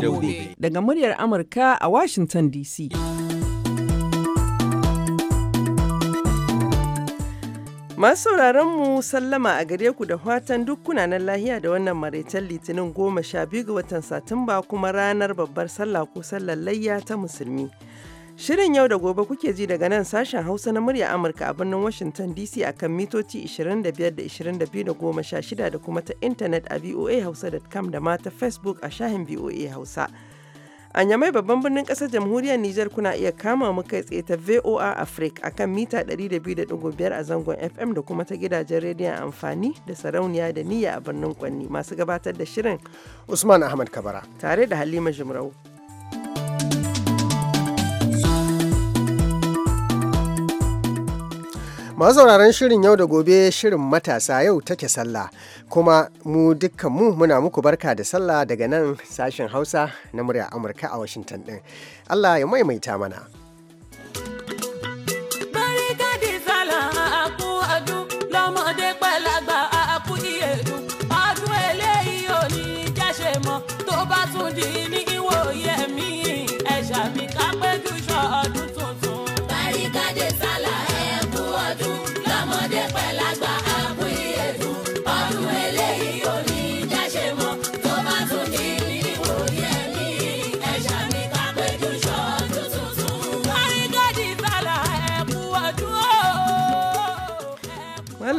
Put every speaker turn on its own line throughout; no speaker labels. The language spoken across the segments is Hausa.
gobe daga muryar Amurka a Washington DC. Masu sauraron mu sallama a gare ku da fatan duk kunanan lahiya da wannan maraitar litinin goma sha biyu ga watan Satumba kuma ranar babbar sallah ko sallar layya ta musulmi. Shirin yau da gobe kuke ji daga nan sashen Hausa na murya Amurka a birnin Washington DC akan mitoci 25 da 22 da 16 da kuma ta intanet a voahausa.com da ma ta Facebook a shahin VOA Hausa. A Nyamai babban birnin ƙasar jamhuriyar Nijar kuna iya kama mu kai tsaye ta VOA Africa akan mita 102.5 a zangon FM da kuma ta gidajen rediyon amfani da sarauniya da niyya a birnin Kwanni masu gabatar da shirin Usman Ahmad Kabara tare da Halima Jimrau.
masu sauraron shirin yau da gobe shirin matasa yau take sallah kuma mu dukkan mu muna muku barka da sallah daga nan sashen hausa na murya amurka a washington din allah ya maimaita mana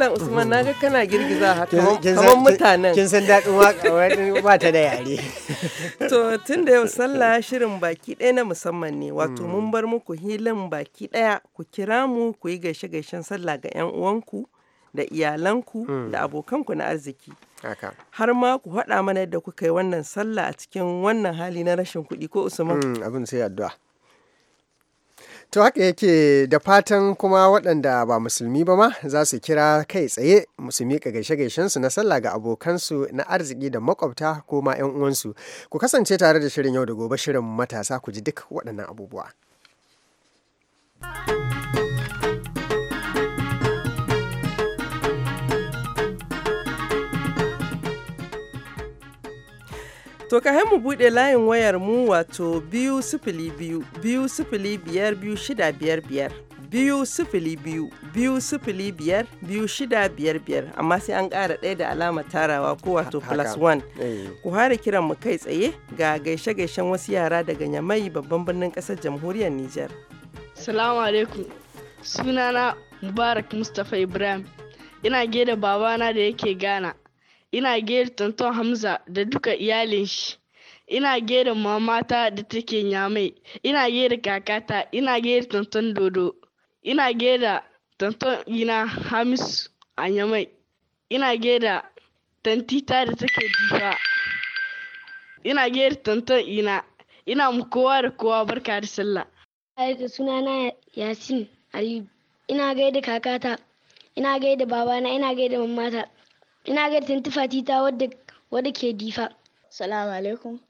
Malam Usman na ga kana girgiza haka kamar mutanen. Kin san daɗin waka ba ta da yare. To tun da yau sallah shirin baki ɗaya na musamman ne wato mun bar muku hilin baki ɗaya ku kira mu ku yi gaishe gaishen sallah ga 'yan uwanku da iyalanku mm. da abokanku na arziki. Har ma ku faɗa mana yadda kuka yi wannan sallah a cikin wannan hali na rashin kuɗi ko Usman. Mm,
abin sai addu'a. To haka yake da fatan kuma waɗanda ba musulmi ba ma za su kira kai tsaye su miƙa gaishe su na sallah ga abokansu na arziki da makwabta ko ma 'yan uwansu. Ku kasance tare da shirin yau da gobe shirin matasa ku ji duk waɗannan abubuwa.
To ka mu bude layin wayar mu wato biyu sifili biyu biyu sifili biyar biyu shida biyar biyar biyu sifili biyu biyu sifili biyar biyu shida biyar biyar amma sai an kara ɗaya da alama tarawa ko wato plus one. Eh. Ku hari kiran mu kai tsaye ga gaishe-gaishen wasu yara daga Nyamai babban birnin ƙasar jamhuriyar Nijar.
Salamu alaikum. Sunana Mubarak Mustapha Ibrahim. Ina gaida babana da yake Ghana. ina gaida Tonton Hamza da duka iyalin shi. Ina gaida mamata da take nyamai. Ina gaida kakata, ina gaida Tonton Dodo. Ina gaida Tonton Ina Hamisu a nyamai. Ina gaida Tantita da take difa. Ina gaida Tonton Ina. Ina mu kowa da kowa barka da sallah. da sunana Yasin Aliyu. Ina gaida kakata, ina gaida babana, ina gaida mamata. Ina ga Tintifa Tita wadda wadda ke difa. Salamu alaikum.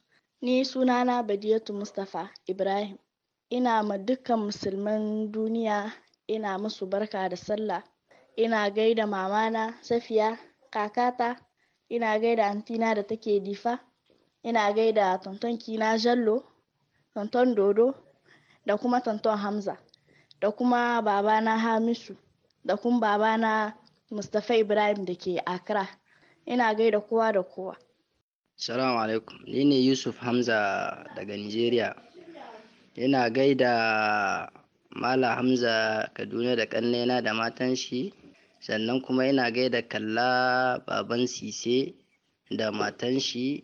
Ni sunana Badiyatu Mustapha Ibrahim. Ina ma dukkan musulman duniya ina musu barka da sallah. Ina gaida mamana Safiya kakata. Ina gaida antina da take difa. Ina gaida tonton Kina Jallo, tonton Dodo, da kuma tonton Hamza, da kuma babana Hamisu, da kuma babana Mustapha Ibrahim da ke Accra. Ina gaida kowa da kowa. Salamu alaikum, ni ne Yusuf Hamza daga Nigeria. Ina gaida Mala Hamza Kaduna da ƙannena da matan shi, sannan kuma ina gaida kalla baban sise da matan shi,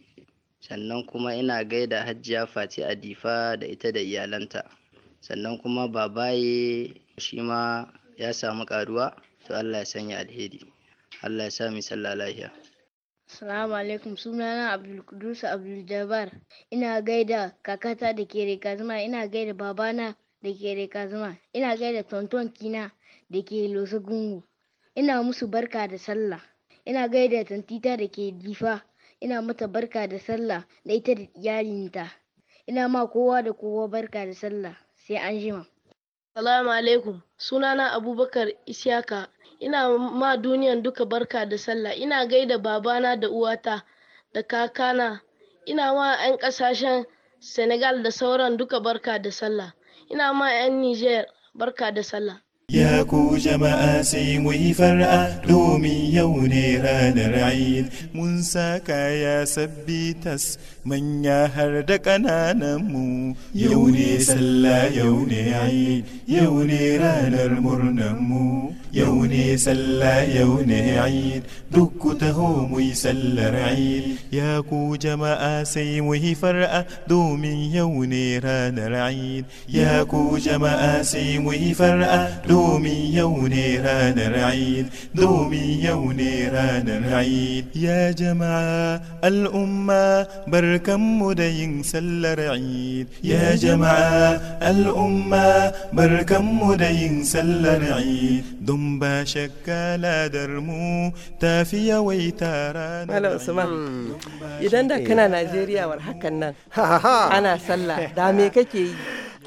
sannan kuma ina gaida hajjiya Fati Adifa da ita da iyalanta. Sannan kuma babaye shi ma
ya samu ƙaruwa. to Allah ya sanya alheri Allah ya sa mu sallah lafiya
Assalamu alaikum sunana Abdul Qudus Abdul Jabbar ina gaida kakata da ke reka zuma ina gaida babana da ke reka zuma ina gaida tonton kina da ke losa ina musu barka da sallah ina gaida tantita da ke difa ina mata barka da sallah da ita da iyalinta ina ma kowa da kowa barka da sallah sai an jima. Salamu alaikum sunana Abubakar Isyaka Ina ma duniyan duka barka da sallah. Ina gaida babana da uwata da kakana. Ina ma 'yan kasashen Senegal da sauran duka barka da sallah. Ina ma 'yan Niger barka da sallah.
Ya ku jama'a sai mu yi far'a domin yau ne ranar Eid mun sa kaya sabbi tas manya har da ƙanananmu yau ne sallah yau ne aid yau ne ranar murnanmu yau ne sallah yau ne aid duk ku taho mu yi sallar aid ya ku jama'a sai mu yi far'a domin yau ne ranar aid ya ku jama'a sai mu yi far'a domin yau ne ranar aid domin yau ne ranar aid ya jama'a al'umma bar barkanmu da yin sallar Eid ya jama'a al'umma barkanmu da yin sallar Eid don ba shakka ladar mu tafi yawaita idan da kana
Najeriya war hakan nan ana sallah
da me kake yi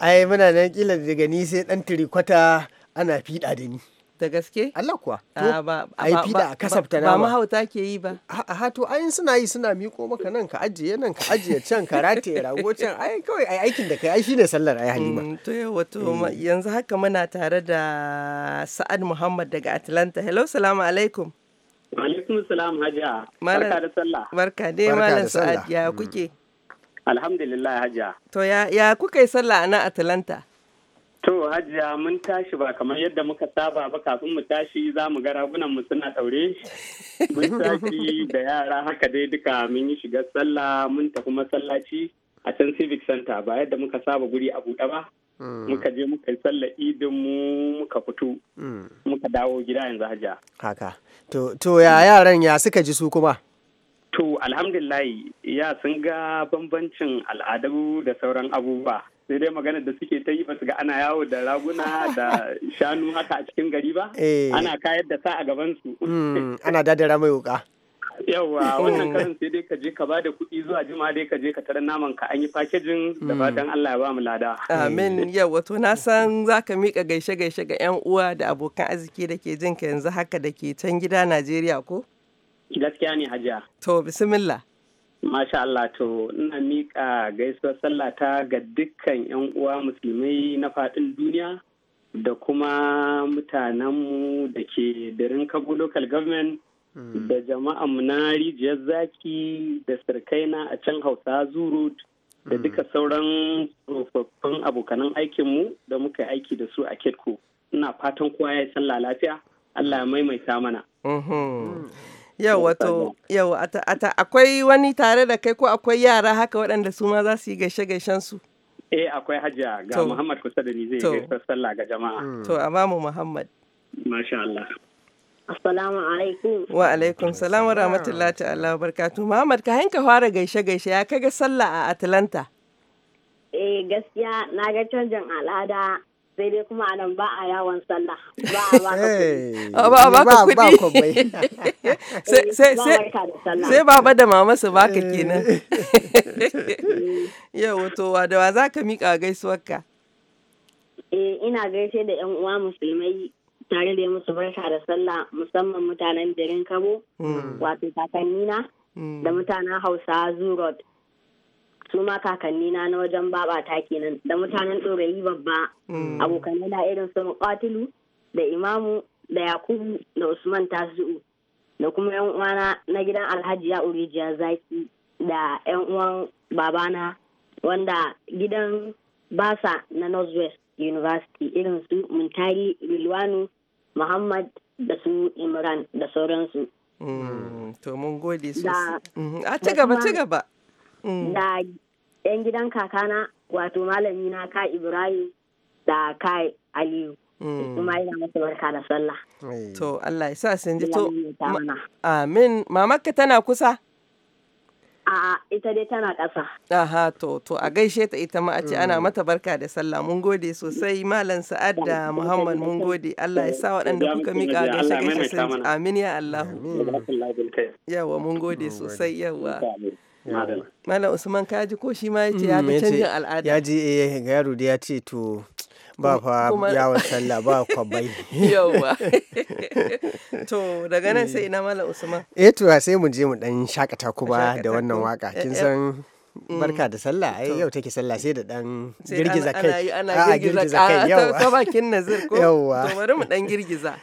ai muna nan kila daga ni sai ɗan tirikwata ana fiɗa da
ni da gaske Allah kuwa ah, A yi ba a kasafta nama ba mahauta ke yi ba a
to ayin suna yi suna miko maka nan ka ajiye nan ka ajiye can ka rataye rago can ai kawai ai
aikin da kai ai shine sallar ai halima mm, to yawa to eh. yanzu haka muna tare da Sa'ad Muhammad daga Atlanta hello salamu alaikum
alaikum salam hajiya barka da sallah
barka dai malam Sa'ad ya mm. kuke
alhamdulillah hajiya
to ya kuka yi sallah a nan Atlanta
To hajiya mun tashi ba kamar yadda muka saba ba kafin mu tashi za mu ga ragunan mu suna daure. Mun tashi da yara haka dai duka mun yi shiga sallah mun tafi masallaci a can civic center ba yadda muka saba guri a buɗe ba. Hmm. Muka je muka yi sallah idin mu muka fito. Hmm. Muka dawo gida yanzu hajiya.
Haka. To, to ya yaran ya suka ji su kuma?
To alhamdulillah ya sun ga bambancin al'adu da sauran abubuwa. sai dai maganar da suke ta yi ba su ga ana yawo da raguna da shanu haka a cikin gari ba eh. ana kayar da sa a gaban su
hmm, ana dadara mai wuka
yawa wannan eh. karin sai dai ka je ka bada kuɗi zuwa jima dai ka je ka tarar naman ka an yi fakejin da hmm. fatan Allah ya ba mu lada amin
yawa to na san zaka mika gaishe gaishe ga yan uwa da abokan arziki da ke jin ka yanzu haka da ke can gida Najeriya ko gaskiya ne hajiya to bismillah Masha Allah to ina miƙa gaisuwar sallata ga
dukkan 'yan uwa musulmai na faɗin duniya da kuma mutanenmu da ke birin Kabo local government hmm. da jama'a na rijiyar zaki da sirkaina a can hausa zurut da hmm. duka sauran tsofaffin abokanan aikinmu da muka aiki da su a Ketko. Ina fatan kowa ya sallah lafiya, Allah ya maimaita mana. Hmm.
Yau wato, yau akwai wani tare da kai ko akwai yara haka waɗanda su ma za su yi gaishe-gaishen su?
Eh akwai hajiya ga Muhammad kusa da ni zai gaishe sallah ga jama'a. Hmm. To a
mamu Muhammad. Masha Allah. Assalamu alaikum. Wa alaikum salam wa rahmatullahi ta'ala barkatu. Muhammad ka hanka fara gaishe-gaishe ya ga sallah a Atlanta.
Eh gaskiya na ga canjin al'ada sai dai kuma anan ba a yawon sallah
ba a ba ka kuɗi eh, sai baba da mama su ka eh. kenan yau to wa da wa za ka miƙa gaisuwarka
eh, ina gaishe da yan uwa musulmai tare da musu barka da sallah musamman mutanen birin kabo hmm. wato kakannina hmm. da mutanen hausa zurot su ma kakanni na na wajen baba ta kenan da mutanen ɗorayi babba
mm. abokanai
na irin su muƙatilu da imamu da yakubu da usman tasiu da kuma yan uwana na gidan alhaji ya urijiya zaki da yan uwan babana wanda gidan basa na northwest university irin su muntari rilwanu muhammad da su imran da sauransu
mm. to mun gode sosai mm-hmm. a ci gaba ci gaba
da yan gidan kakana wato malami na ka ibrahim da ka aliyu mm. kuma yana masa barka da sallah
to allah ya sa sun ji to amin mamakka tana kusa
A'a ita dai tana ƙasa.
Aha to to a gaishe ta ita ma a ce ana mm. mata barka da sallah mun gode sosai malam Sa'ad da Muhammad mun gode Allah ya sa waɗanda kuka mika gaishe gaishe sun amin ya Allah. Yawa mun gode sosai yawa. Malam Usman ji ko shi ma ya ce ya mm, ga canjin al'ada. Ya ji eh ga yaro da ya ce to ba fa yawon sallah ba kwabai. Yawwa. to daga nan sai eh. ina Malam Usman.
Eh to sai mu je mu dan shakata kuma da wannan waka. Eh, Kin eh. san mm. barka da sallah ai yau take sallah sai da dan
girgiza kai. Ana girgiza kai ah, yawa. Ta bakin nazir ko. Yawwa. To bari mu
dan girgiza.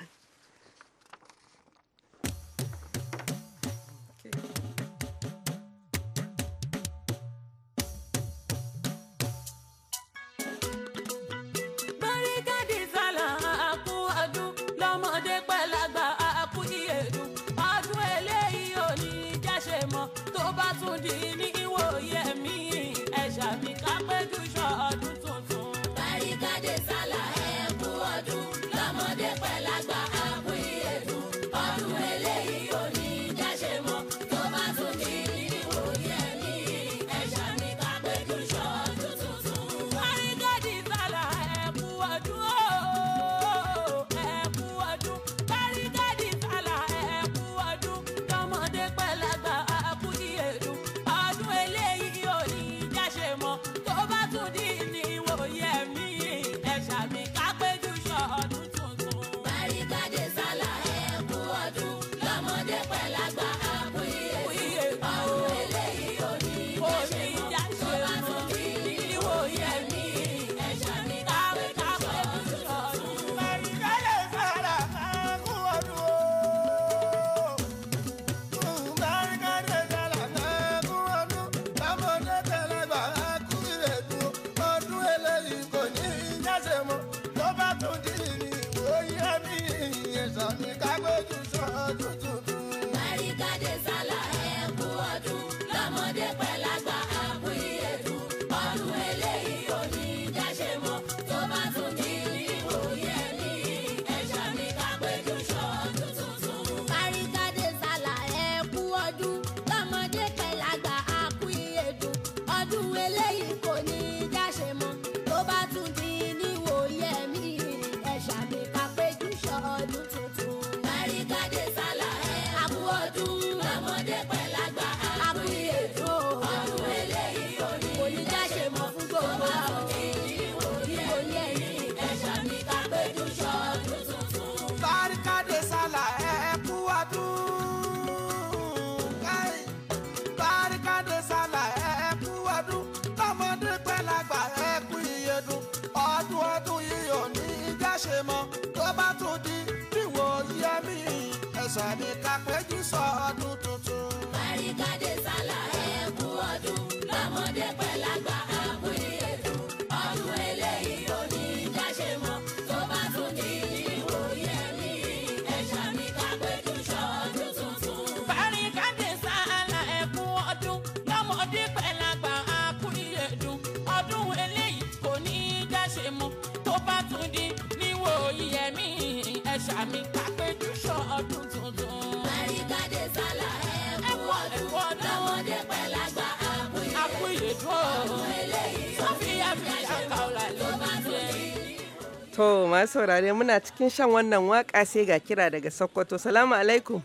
To masu saurare muna cikin shan wannan waka sai ga kira daga Sokoto. Salamu alaikum.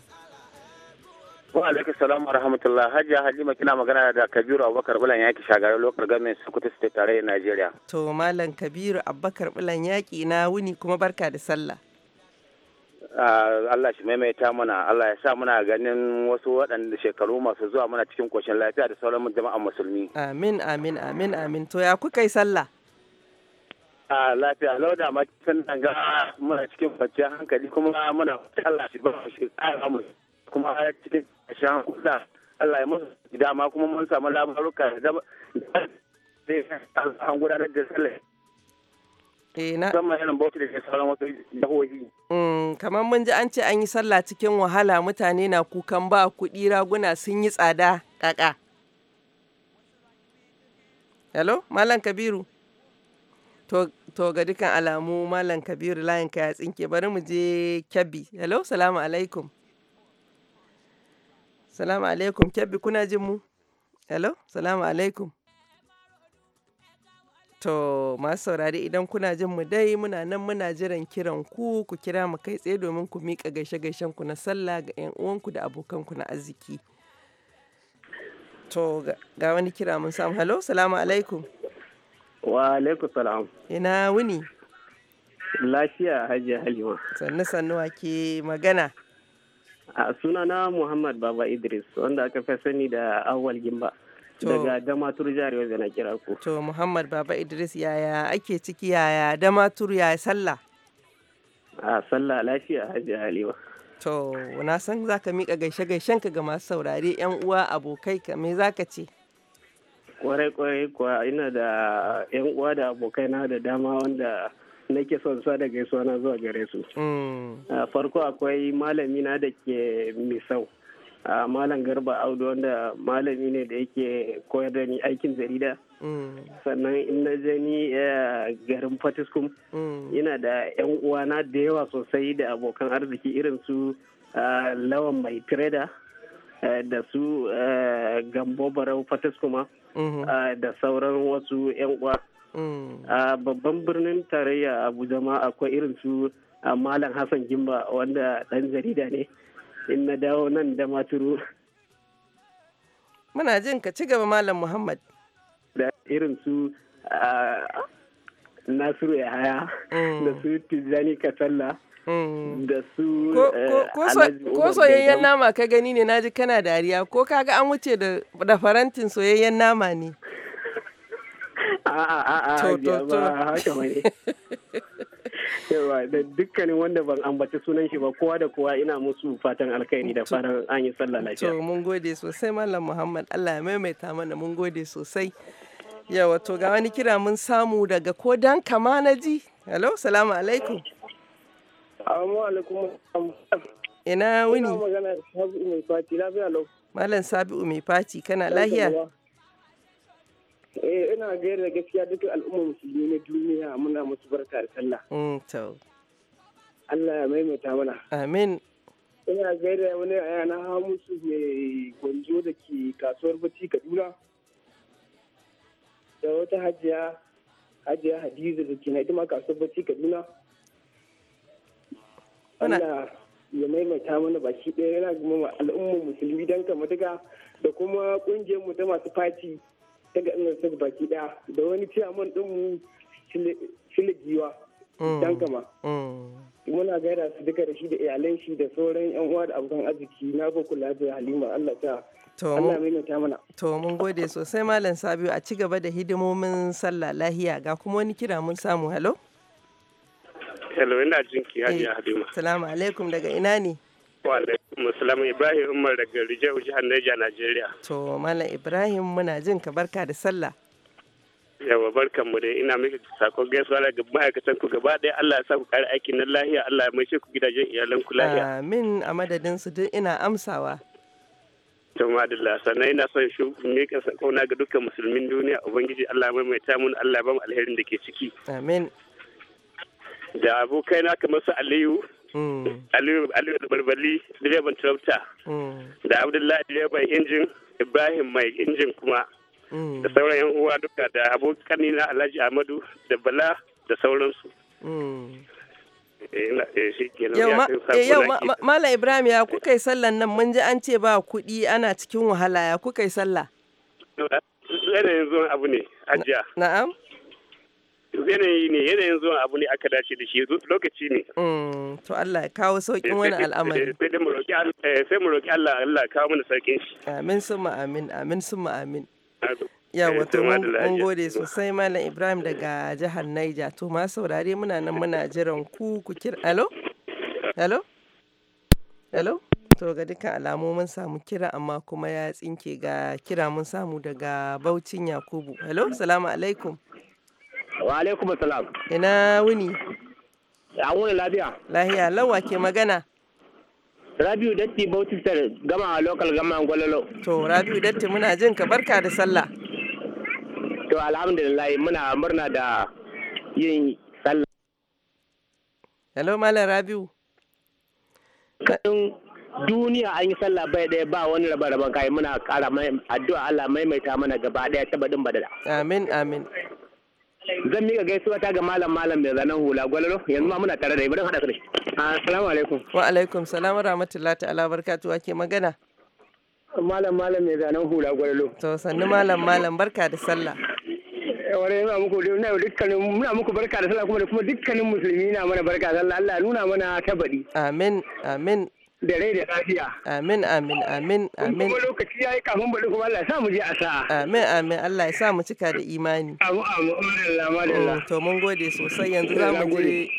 Wa alaikum salam wa rahmatullah. Hajiya Halima kina magana da Kabiru Abubakar Bulan Yaki shagarar lokar gamin Sokoto State tare da Najeriya.
To Malam Kabiru Abubakar Bulan Yaki na wuni kuma barka da sallah.
Allah shi maimaita mana Allah ya sa muna ganin wasu waɗanda shekaru masu zuwa muna cikin koshin lafiya da sauran jama'an musulmi.
Amin amin amin amin to ya kuka yi sallah?
a lafiya lauda matakan nan ga muna cikin kwanciyar hankali kuma muna kwanciyar Allah shi ba mu shi ƙara mu kuma cikin kwanciyar hankula Allah ya musu dama kuma mun samu labaruka da an gudanar da sallah eh, musamman irin da ke sauran
mm, kamar mun ji an ce an yi sallah cikin wahala mutane na kukan ba kuɗi raguna sun yi tsada kaka. Hello, Malam Kabiru. To To ga dukkan alamu Malam Kabiru layin ka ya tsinke bari mu je kyabi Hello, salamu alaikum. Salamu alaikum kyabi kuna jin mu? Hello, salamu alaikum. To masu saurari idan kuna jin mu dai muna nan muna jiran kiran ku ku kira mu kai tsaye domin ku miƙa gaishe-gaishen ku na sallah ga 'yan uwanku da abokan ku na arziki. To ga wani kira mun samu. Hello, salamu alaikum. Wa alaikum salam. Ina wuni. Lafiya Hajiya Halima. Sannu sannu ke magana. A sunana Muhammad Baba Idris wanda aka fi sani da awal gimba. Daga damatur jihar yau na kira ku. To Muhammad Baba Idris yaya ake ciki yaya damatur yaya sallah? A sallah lafiya Hajiya Halima. To na san za ka miƙa gaishe-gaishenka ga masu saurare 'yan uwa abokai ka me za ka ce?
kwarai kwarai kuwa ina da yan uwa da abokai na da dama wanda nake son sa da gaisuwa na zuwa gare su
mm.
farko akwai malami na da ke misau malam garba audu wanda malami ne da yake koyar da ni aikin jarida mm. sannan in na je ni garin fatiskum mm. ina da yan uwa na da yawa sosai da abokan arziki irin su lawan mai tireda Eh, da su eh, gambo barau fatis kuma mhm. eh, da sauran wasu 'yan uwa mm. a babban birnin tarayya abuja ma akwai irin su malam hassan gimba wanda dan jarida ne in na dawo nan da maturu muna jin ka ci gaba malam muhammad da irin su nasiru ya haya mm. da su tijjani katsalla
Mm. da su
ko eh, soyayyen
nama ka gani ne naji kana dariya ko kaga an wuce da farantin soyayyen nama ne a'a a'a haka mai
yawa da dukkanin wanda ban ambaci sunan shi ba kowa da kowa ina musu fatan alkhairi da fatan an yi sallah lafiya to
mun gode sosai mallam muhammad allah ya maimaita mana mun gode sosai yawa to ga wani kira mun samu daga kodan kama na ji hello salamu alaikum
Assalamu alaikum.
Ina wuni? Ina
magana da Sabi'u mai fati, lafiya lau.
Malam Sabi'u mai fati, kana lahiya?
Eh, ina gaira gaskiya duk al'umma musulmi na duniya muna musu barka da sallah.
Mm, to.
Allah ya maimaita mana. Amin. Ina gaira wani yana su mai gwanjo da ke kasuwar Bacci Kaduna. Da wata hajiya, hajiya Hadiza da ke na ita ma kasuwar Bacci Kaduna. Allah ya maimaita mana baki ɗaya yana gama al'ummar musulmi don kama duka da kuma ƙungiyar mu ta masu fati ta ga ina baki ɗaya da wani ciyaman mu shile giwa
mm. don kama. Mm.
muna gaira su duka da shi da iyalan shi da sauran yan uwa da abokan arziki na ko kula da halima Allah ta
Allah maimaita mana to mun gode sosai malam Sabiu a ci gaba da hidimomin sallah lahiya ga kuma wani kira mun samu halo
Hello, ina jinki Hajiya eh, Halima.
Salamu alaikum daga ina ne?
Wa alaikum salamu Ibrahim Umar daga Rijau jihar Niger Najeriya.
To Malam Ibrahim muna jin ka barka da sallah.
Yawa barkan mu dai ina miki sakon gaisuwa daga ma'aikatan ku gaba ɗaya Allah ya sa ku kare aikin nan lahiya Allah ya maishe ku gidajen iyalan ku lahiya.
Amin a madadin su duk ina amsawa.
to madalla sannan ina son shi miƙa sakona ga dukkan musulmin duniya ubangiji Allah ya maimaita mun Allah ya ba mu alherin
da ke ciki amin da abokai na kamar su aliyu mm. aliyu da barbali direban tarauta mm. da abdullahi direban injin
ibrahim mai injin kuma mm. da sauran yan uwa duka da abokan na alhaji ahmadu da bala da sauransu eh, eh,
yau eh, mala ibrahim ya kuka yi sallan nan mun ji an ce ba kuɗi ana cikin wahala ya kuka yi sallah
yanayin zuwan abu ne ajiya
na'am
yanayi ne yanayin zuwan abu ne aka dace da shi lokaci ne.
Mm, to Allah ya kawo sauƙin eh, wani al'amari. Eh,
eh, sai mu roƙi Allah Allah kawo mana sauƙin shi.
Amin summa amin amin summa amin. Ya wato mun gode sosai Malam Ibrahim daga jihar Niger to ma saurare muna nan muna jiran ku ku kira alo alo alo to ga dukkan alamu mun samu kira amma kuma ya tsinke ga kira mun samu daga Baucin Yakubu Alo? salamu alaikum Wa alaikum salam. Ina wuni. An wuni lafiya. Lafiya lawa ke magana. Rabiu Datti Bautistar gama local gama gwalolo. To Rabiu Datti muna jin ka barka da sallah. To alhamdulillah muna murna
da yin sallah. Hello Malam Rabiu. Kadin duniya an yi sallah bai ɗaya ba wani raba raban kai muna ƙara addu'a Allah maimaita mana gaba ɗaya ta badin badala.
Amin amin.
zan mika gaisuwa ta ga malam malam mai zanen hula gwalalo yanzu ma muna tare da ibrahim hada kare assalamu alaikum
wa alaikum salam rahmatullahi ta'ala barkatu ke magana malam malam mai zanen hula gwalalo to sannu malam malam barka da sallah
eh, wani yana muku na
dukkanin muna muku barka da sallah kuma da kuma dukkanin musulmi na mana barka da sallah Allah nuna mana ta baɗi amin amin da rai da lafiya. Amin amin amin amin. Kuma lokaci ya yi kafin bari kuma Allah sa mu je a sa. Amin amin Allah ya sa mu cika da imani. Amin amin alhamdulillah madallah. Oh, to mun gode sosai yanzu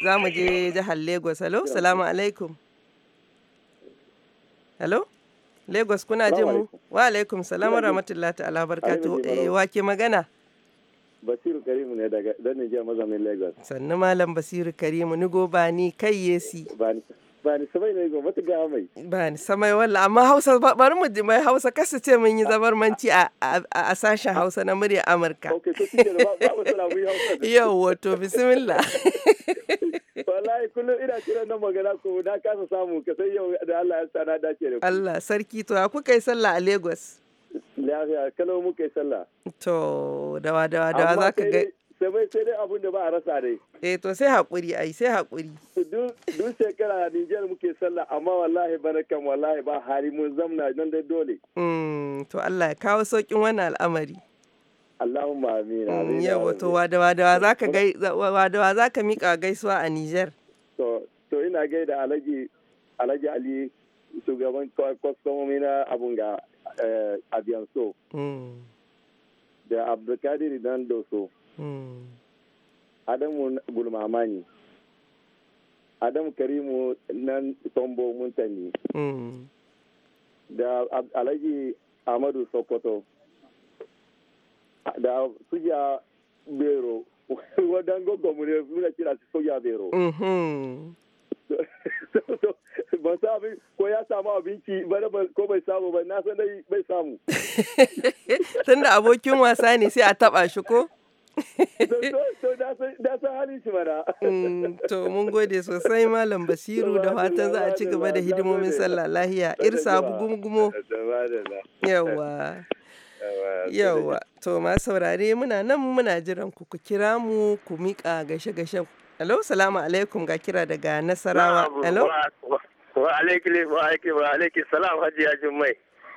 za mu je jihar Lagos. Hello salamu alaikum. Hello Lagos kuna jin mu? Wa alaikum salamu wa rahmatullahi ta'ala barakatuhu. Eh ke magana?
Basiru Karimu ne daga Dani Jiya mazamin Lagos.
Sannu Malam Basiru Karimu ni goba ni kai yesi.
bani ni samai ne gobe ta ga mai
ba ni samai walla amma hausa bari mu mai hausa kasa ce mun yi zabar manci a a sashen hausa na murya amurka okay so ba ba mu
salamu hausa
yawa to bismillah
wallahi kullum ina kiran nan magana ko na kasa samu ka sai yau da Allah ya sana da ku Allah
sarki to ya kuka yi sallah a Lagos
lafiya kalau muka yi sallah
to dawa dawa dawa zaka ga
sai sai dai abin da ba a rasa dai.
Eh to sai haƙuri ai sai haƙuri.
Duk shekara a Nijar muke sallah amma wallahi barakan wallahi ba hari mun zamna nan dai dole.
Hmm, to Allah ya kawo sauƙin wannan al'amari.
Allahumma amin. Hmm, Yawa
to wadawa za ka wadawa mika gaisuwa a Nijar.
To ina gaida Alhaji Alhaji Ali shugaban kwastomomi na abun ga eh, Abiyanso. Hmm. Da Abdulkadir Dandoso. so. Hmm. Adamu gulmama ne. Adamu Karimu nan tombo munta ne. Hmm. Da Alhaji Amadu Sokoto. Da suja Bero. Wadan gogomu ne muna kira su suja Bero. Hmm. Ban sa abin ko ya samu abinci bane ko bai samu ba na san dai bai samu
tunda abokin wasa ne sai a taba shi ko Mm, to mun gode sosai Malam Basiru da fatan za a ci gaba da hidimomin sallah lahiya irsa gumgumo. Yawa. Yawa. To ma saurare muna nan muna jiran ku ku kira mu ku miƙa gashe gashe. Alo, salamu alaikum ga kira daga Nasarawa. Alo.
Wa alaikum wa alaikum salam hajiya Jummai.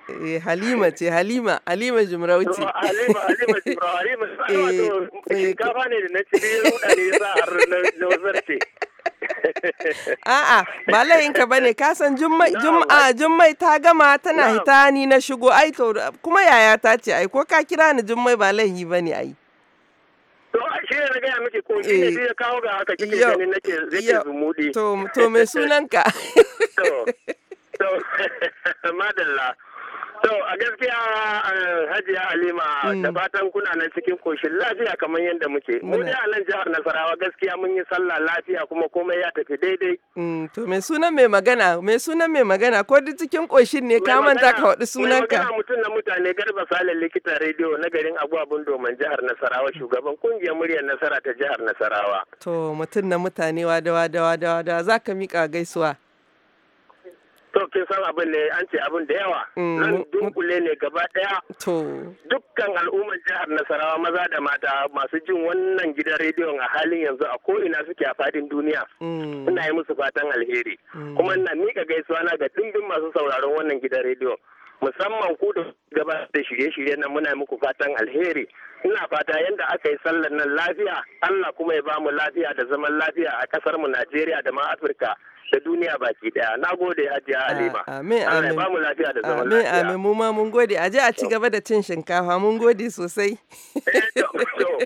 Eh, Halima ce, Halima, Halima Jumrauti. Halima, Halima
Jumrauti, Halima Jumrauti, eh, eh, shinkafa ne da na ci ne ruɗa ne za a lauzar ce.
A'a, ba layinka ba ne, ka san Jummai ta gama tana hita ni na shigo, ai to kuma yaya ta ce, ai ko ka kira ni Jummai ba laihi ba ne ai.
To shi ne na
gaya miki ko shi ne ya kawo ga haka kike ganin nake zai zumuɗi.
To me sunanka?
To, to, madalla. To a gaskiya eh,
Hajiya Alima mm. da fatan kuna nan cikin koshin lafiya kamar yadda muke. Mu dai a nan
jihar Nasarawa gaskiya mun yi sallah lafiya kuma komai ya tafi daidai.
Mm, to me sunan mai magana? Me sunan mai magana? Ko duk cikin koshin ne ka manta ka waɗi sunan ka? Mai magana
mutum na mutane Garba Salin likita rediyo na garin Agwabun Domin jihar Nasarawa shugaban kungiyar muryar nasara ta jihar Nasarawa.
To mutum na mutane wada wada wada dawa za ka miƙa gaisuwa.
to san abin ne an ce abin da yawa mm, nan dunkule ne gaba ɗaya. dukkan al'ummar jihar nasarawa maza da mata masu jin wannan gidan rediyon a halin yanzu a ko'ina suke a fadin duniya mm. ina yi musu fatan alheri mm. kuma ina mika gaisuwa na ga dimbin masu sauraron wannan gidan rediyo musamman ku da gaba da shirye-shirye na muna muku fatan alheri ina fata yadda aka yi sallar nan lafiya Allah kuma ya bamu lafiya da zaman lafiya a kasar mu Najeriya da ma Afirka da duniya baki daya na gode hajiya halima amin amin ba mu lafiya da zaman lafiya amin
amin mu ma mun gode aje a ci gaba da cin shinkafa mun gode sosai eh,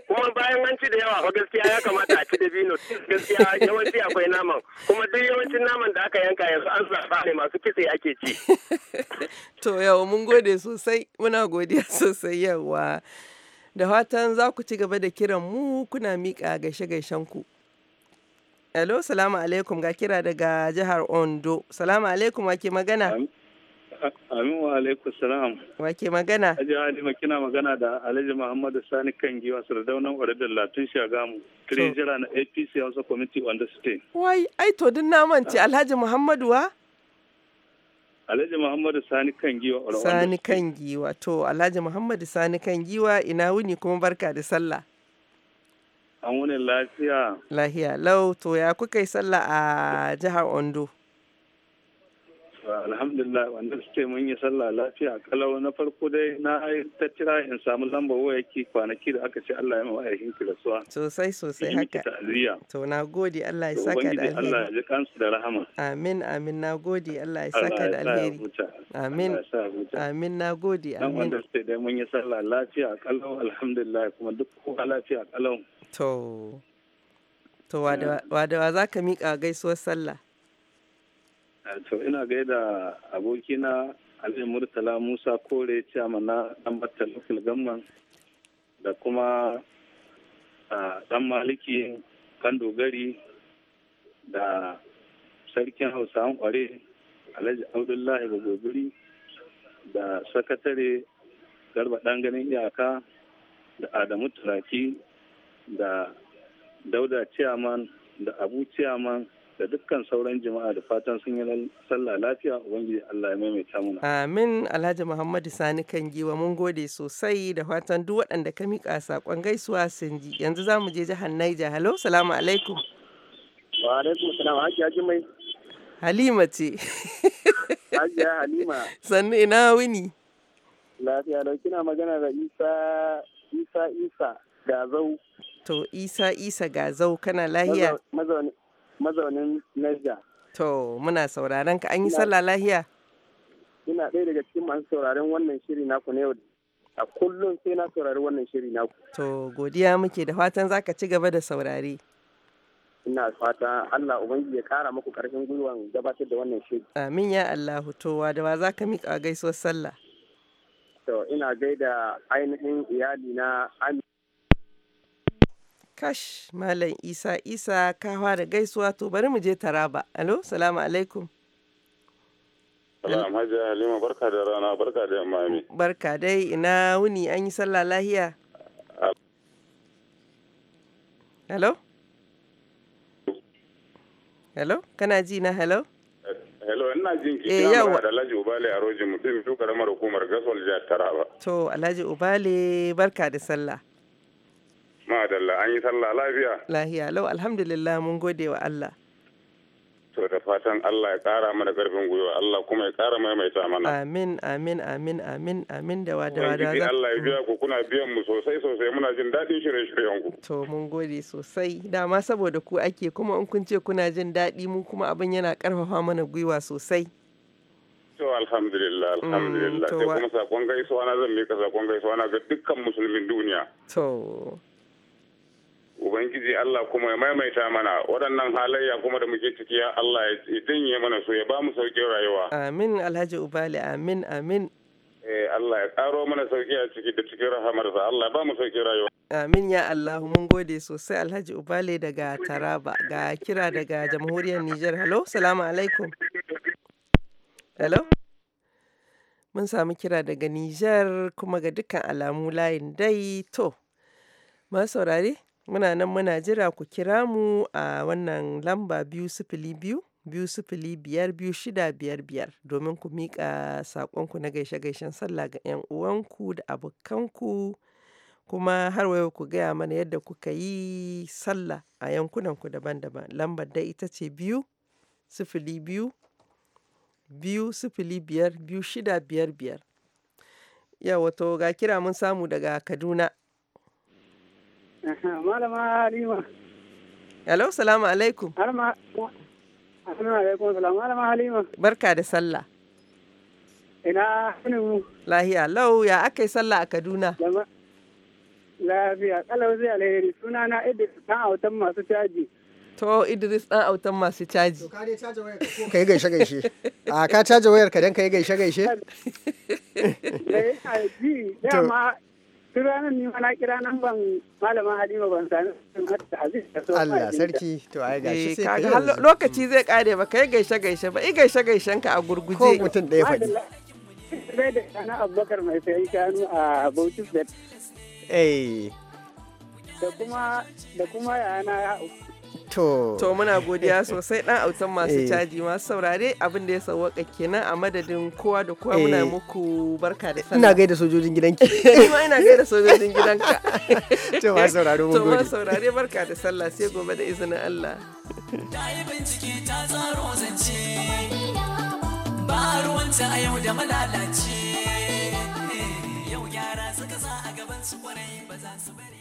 kuma bayan an ci da yawa ko gaskiya ya kamata a ci da bino gaskiya yawanci akwai naman kuma duk yawancin naman da aka yanka
yanzu an zafa ne masu kitse ake ci to yau mun gode sosai muna godiya sosai yawa da fatan za ku ci gaba da kiran mu kuna miƙa gaishe-gaishen ku. Hello, salamu alaikum ga kira daga jihar Ondo. Salamu alaikum wake magana.
Amin wa alaikum salam.
Wake magana.
Aji Halima kina magana da Alhaji Muhammadu Sani kan giwa sardaunan Oradar Latin Shagamu. Treasurer na APC Hausa Committee on the State.
Wai, ai to din na mance ah. Alhaji Muhammadu wa?
Alhaji Muhammadu Sani kan giwa. Sani kan
giwa. To Alhaji Muhammadu Sani kan giwa ina wuni kuma barka da sallah.
An wuni lafiya.
Lahiya lau to ya kuka yi sallah a jihar Ondo?
alhamdulillah wanda su ce mun yi sallah lafiya kalau na farko dai na ta kira in samu lambar waya ki kwanaki da aka ce Allah ya mawa yahin ki suwa
sosai sosai haka to na gode Allah ya saka da alheri Allah
ya kansu da rahama
amin amin na gode Allah ya saka da alheri amin amin na gode amin wanda su
ce dai mun yi sallah lafiya kalau alhamdulillah kuma duk kowa lafiya kalau
to to wa za ka miƙa gaisuwar sallah
to ina gaida abokina Ali Murtala Musa Kore Ciyama na ɗan Battalofil Gamman da kuma ɗan Maliki kan dogari da sarkin hausa kware Alhaji Abdullahi Bagobiri da sakatare Garba ɗan ganin iyaka da Adamu Turaki da Dauda Ciyaman da Abu Ciyaman da dukkan sauran jama'a da fatan sun yi sallah lafiya ubangiji Allah ya maimaita muna
amin alhaji muhammadu sani kan giwa mun gode sosai da fatan duk waɗanda ka mika saƙon gaisuwa sun ji yanzu za mu je jihar Niger halo salamu alaikum
wa alaikum salam Haki haji mai
halima ce
hajiya halima
sannu ina wuni
lafiya da kina magana da isa isa isa gazau
to isa isa gazau kana lahiya
mazauni mazaunin Najda.
To muna sauraron ka an yi sallah lahiya?
Ina ɗaya daga cikin masu sauraron wannan shiri naku ne yau a kullum sai na saurari wannan shiri naku.
To godiya muke da fatan za ka ci gaba da saurari.
Ina fata Allah Ubangiji ya kara muku karfin gwiwan gabatar da
wannan shiri. Amin ya Allah towa da ba za ka miƙa gaisuwar sallah.
To ina gaida ainihin iyali na Amin.
Kash, Malam Isa Isa ka fara gaisuwa to bari mu je Taraba. Alo, salamu alaikum.
salamu Hajji Halima, barka da rana, barka da yamma
Barka dai, ina wuni an yi sallah lahiya. Hello? Hello? Kana ji na hello?
Hello, ina jin ki kina eh, yawa da Alhaji Ubale a Roji mutum biyu karamar hukumar Gasol jihar Taraba.
To, Alhaji Ubale, barka da sallah.
ma'adalla an yi sallah lafiya.
Lahiya lau alhamdulillah mun gode wa Allah.
To da fatan Allah ya kara mana ƙarfin gwiwa Allah kuma ya kara maimaita mana.
Amin amin amin amin amin da wada wada. zan Allah ya biya
ku kuna biyan mu sosai sosai muna jin daɗin shirye-shiryen ku.
To mun gode sosai dama saboda ku ake kuma in kun ce kuna jin daɗi mu kuma abin yana ƙarfafa mana gwiwa sosai.
To alhamdulillah mm, alhamdulillah sai kuma sakon gaisuwa na zan mika sakon gaisuwa na ga dukkan musulmin duniya.
To.
ubangiji Allah kuma ya maimaita mana waɗannan halayya kuma da muke ciki ya Allah ya dinye mana so ya ba mu sauƙin rayuwa
amin alhaji ubali amin amin
eh Allah ya ƙaro mana sauƙi a ciki da cikin rahamarsa Allah ya ba mu sauƙin rayuwa
amin ya Allah mun gode sosai alhaji ubale daga Taraba ga kira daga jamhuriyar Nijar hello salamu alaikum hello mun samu kira daga Nijar kuma ga dukkan alamu layin dai to masu saurare Muna nan muna jira ku kira mu a wannan lamba biyu sifili biyu biyu sifili biyar biyu shida biyar biyar domin ku miƙa saƙonku na gaishe-gaishen sallah ga 'yan uwanku da abokanku kuma har wayo ku gaya mana yadda kuka yi sallah a yankunanku daban-daban lambar dai ita ce biyu sifili biyu biyu sifili biyar biyu shida biyar biyar yau wato ga kira mun samu daga kaduna Malama Halima. Hello, salamu alaikum. Malama alaikum, malama Halima. Barka da sallah. Ina mu. Lahiya, lau ya aka yi sallah a Kaduna.
Lafiya, kalau zai alheri suna na Idris ɗan
autan masu caji. To Idris ɗan autan masu caji. Ka dai caja wayar ka yi gaishe
gaishe. A ka caji wayar ka dan ka yi gaishe gaishe?
Da ya
ji, Tun ranar ni na kira nan ban malamin Halima ban sami sun hatta Aziz da Allah sarki to ai gashi eh, sai
kai lokaci zai kare ba kai gaishe gaishe ba i gaishe gaishen ka a gurguje ko mutun da ya faɗi.
Sai da sana Abubakar mai sai kanu a Bautis da Eh. Da kuma da kuma yana
To. To muna godiya sosai
dan autan masu eh. caji masu saurare abin da ya sauwaka kenan a madadin kowa da kowa muna eh. muku barka da sallah. Ina gaida sojojin gidanki. Ni ina gaida sojojin gidanka. To masu saurare mun gode. To masu saurare barka da sallah sai gobe da izinin Allah.
yi bincike ta tsaro zance. Ba ruwanta a yau da malalace. Eh, yau gyara suka sa a gaban su kwarai ba za su bari.